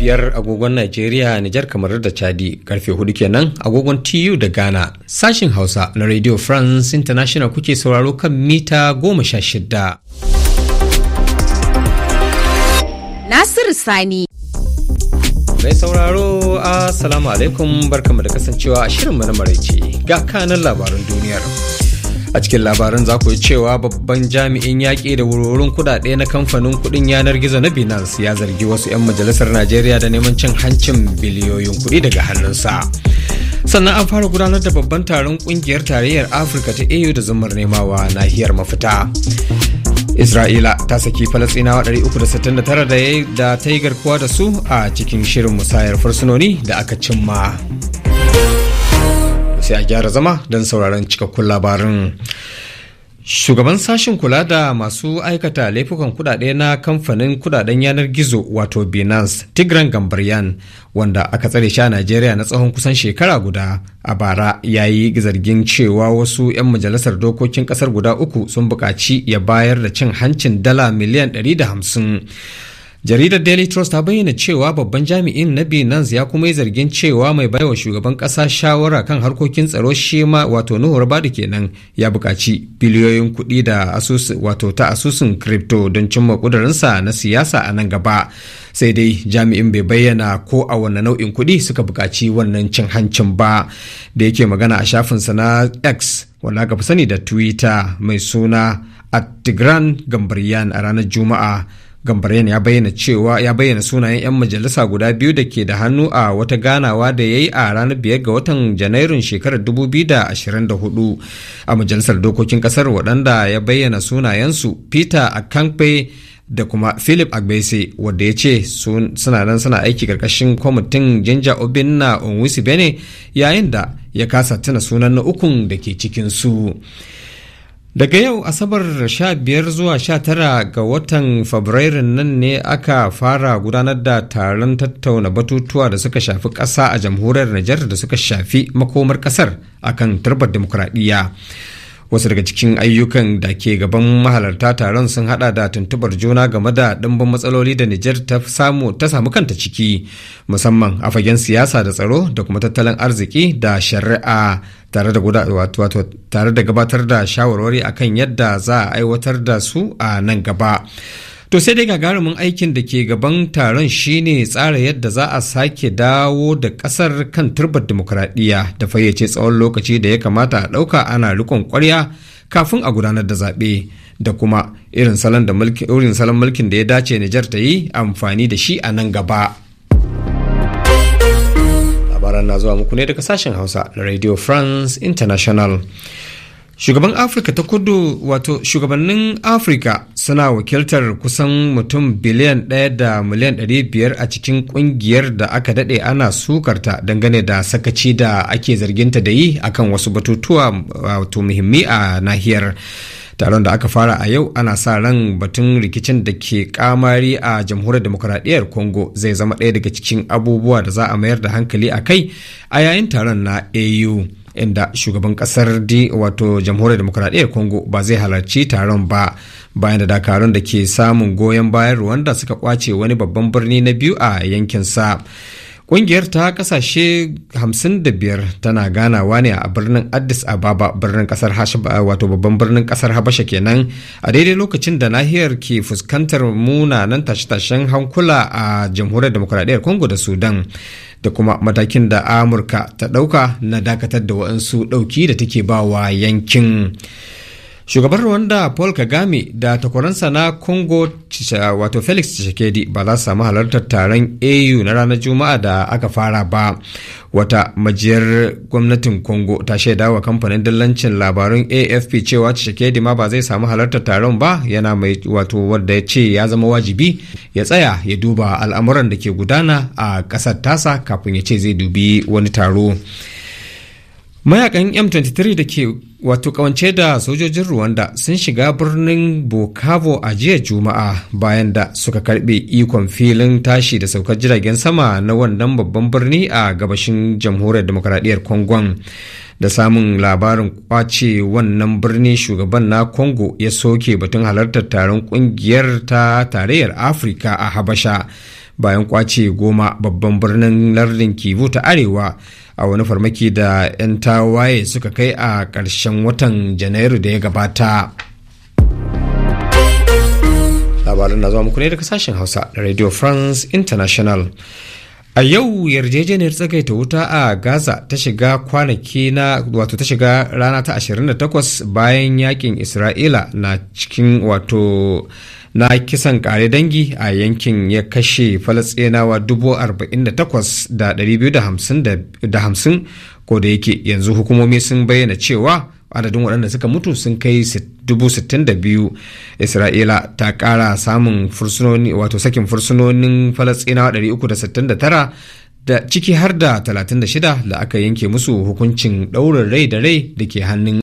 biyar agogon Najeriya, Nijar kamar da Chadi, karfe hudu kenan agogon TU da Ghana. Sashin Hausa na Radio France International kuke sauraro kan mita goma sha shida. Nasiru Sani. Mai sauraro, Assalamu alaikum barkamu da kasancewa a shirin na maraice ga kanan labaran duniyar. a cikin labaran za ku yi cewa babban jami'in yaƙi da wurorin kudade na kamfanin kuɗin yanar gizo na binance ya zargi wasu 'yan majalisar najeriya da neman cin hancin biliyoyin kuɗi daga hannunsa sannan an fara gudanar da babban taron ƙungiyar tarayyar afirka ta au da zumar nemawa nahiyar mafita isra'ila ta saki falasinawa 369 da ta yi garkuwa da su a cikin shirin musayar fursunoni da aka cimma sai a gyara zama don sauraron cikakkun labarin. Shugaban sashen kula da masu aikata laifukan kudade na kamfanin kudaden yanar gizo wato Binance Tigran Gambaryan wanda aka tsare shi a Najeriya na tsawon kusan shekara guda a bara ya yi zargin cewa wasu 'yan majalisar dokokin kasar guda uku sun bukaci ya bayar da cin hancin dala miliyan 150. jaridar daily trust ta bayyana cewa babban jami'in na binance ya kuma yi zargin cewa mai baiwa shugaban kasa shawara kan harkokin tsaro shema wato nuhu rabadu kenan ya buƙaci biliyoyin kuɗi da asusun wato ta asusun crypto don cimma ƙudurinsa na siyasa a nan gaba sai dai jami'in bai bayyana ko a wanne nau'in kuɗi suka buƙaci wannan cin hancin ba da yake magana a shafinsa na x wanda aka sani da twitter mai suna at tigran gambaryan a ranar juma'a Gambarin ya bayyana cewa ya bayyana sunayen 'yan majalisa guda biyu da ke da hannu a wata ganawa da ya yi a ranar biyar ga watan Janairun shekarar 2024 a majalisar dokokin kasar waɗanda ya bayyana sunayensu Peter Akankpe da kuma Philip Agbese wadda ya ce suna nan suna aiki karkashin kwamitin Jinja Obinna onwisi Bene yayin da ya kasa tuna sunan na ukun da ke cikinsu. su. Daga yau Asabar sha biyar zuwa sha tara ga watan Fabrairun nan ne aka fara gudanar da taron tattauna batutuwa da suka shafi ƙasa a jamhuriyar Nijar da suka shafi makomar ƙasar akan tarbar dimokuraɗiyya. wasu daga cikin ayyukan da ke gaban mahalarta taron sun hada da tuntubar juna game da dimbin matsaloli da nijar ta samu ta samu kanta ciki musamman a fagen siyasa da tsaro da kuma tattalin arziki da shari'a tare da wato tare da gabatar da shawarwari akan yadda za a aiwatar da su a nan gaba To sai dai gagarumin aikin da ke gaban taron shine tsara yadda za a sake dawo da kasar kan turbar demokuraɗiyya da fayyace tsawon lokaci da ya kamata a ɗauka ana rikon ƙwarya kafin a gudanar da zaɓe da kuma irin salon mulkin da ya dace Nijar ta yi amfani da shi a nan gaba. Labaran na zuwa muku ne daga sashen Hausa na Radio France International. shugaban afirka ta kudu wato shugabannin afirka suna wakiltar kusan mutum biliyan ɗaya da miliyan ɗari biyar a cikin ƙungiyar da aka daɗe ana sukarta dangane da sakaci da ake zarginta da yi akan wasu batutuwa wato muhimmi a nahiyar taron da aka fara a yau ana sa ran batun rikicin da ke kamari a jamhuriyar demokuraɗiyyar congo zai zama ɗaya daga cikin abubuwa da za a mayar da hankali a kai a yayin taron na au inda shugaban kasar di wato jamhuriyar demokuraɗiyyar congo ba zai halarci taron ba bayan da dakarun da ke samun goyon bayan rwanda suka kwace wani babban birni na biyu a yankinsa Ƙungiyar ta kasashe 55 tana ganawa ne a birnin Addis Ababa birnin kasar wato babban birnin kasar Habasha kenan a daidai lokacin da nahiyar ke fuskantar munanan tashe-tashen hankula a jamhuriyar demokuraɗiyyar Congo da Sudan. da kuma matakin da amurka ta ɗauka na dakatar da waɗansu ɗauki da take ba wa yankin shugaban rwanda paul kagame da takwaransa na congo wato felix tshisekedi ba za su samu halartar taron au na ranar juma'a da aka fara ba wata majiyar gwamnatin congo ta shaida wa kamfanin dillancin labarun afp cewa tshisekedi ma ba zai samu halartar taron ba yana mai wato wadda ya ce ya zama wajibi ya tsaya ya duba al'amuran da ke gudana a ƙasar tasa kafin ya ce zai dubi wani taro. mayakan m23 da ke wato kawance da sojojin rwanda sun shiga birnin bukavu a jiya juma'a bayan da suka karbe ikon filin tashi da saukar jiragen sama na wannan babban birni a gabashin jamhuriyar demokradiyyar kongon da samun labarin kwace wannan birni shugaban na kongo ya soke batun halartar taron kungiyar ta tarayyar afirka a habasha bayan kwace goma babban birnin lardin kivu ta arewa a wani farmaki da 'yan tawaye suka kai a ƙarshen watan janairu da ya gabata labarin na zuwa muku ne daga sashen hausa da radio france international a yau yarjejeniyar tsagaita wuta a gaza ta shiga kwanaki na wato ta shiga rana ta 28 bayan yakin isra'ila na cikin wato na kisan kare dangi a yankin ya kashe falasɗinawa 48,250 ko da yake yanzu hukumomi sun bayyana cewa adadin waɗanda suka mutu sun kai 62,000 isra'ila ta ƙara samun fursunoni wato sakin fursunonin falasɗinawa 369 da ciki har da 36 da aka yanke musu hukuncin ɗaurin rai da rai da ke hannun